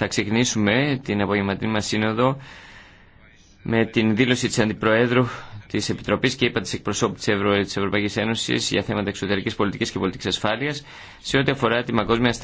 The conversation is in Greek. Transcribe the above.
Θα ξεκινήσουμε την απογευματινή μας σύνοδο με την δήλωση της Αντιπροέδρου της Επιτροπής και είπα της εκπροσώπου της, Ευρω... Ευρωπαϊκής για θέματα εξωτερικής πολιτικής και πολιτικής ασφάλειας σε ό,τι αφορά τη παγκόσμια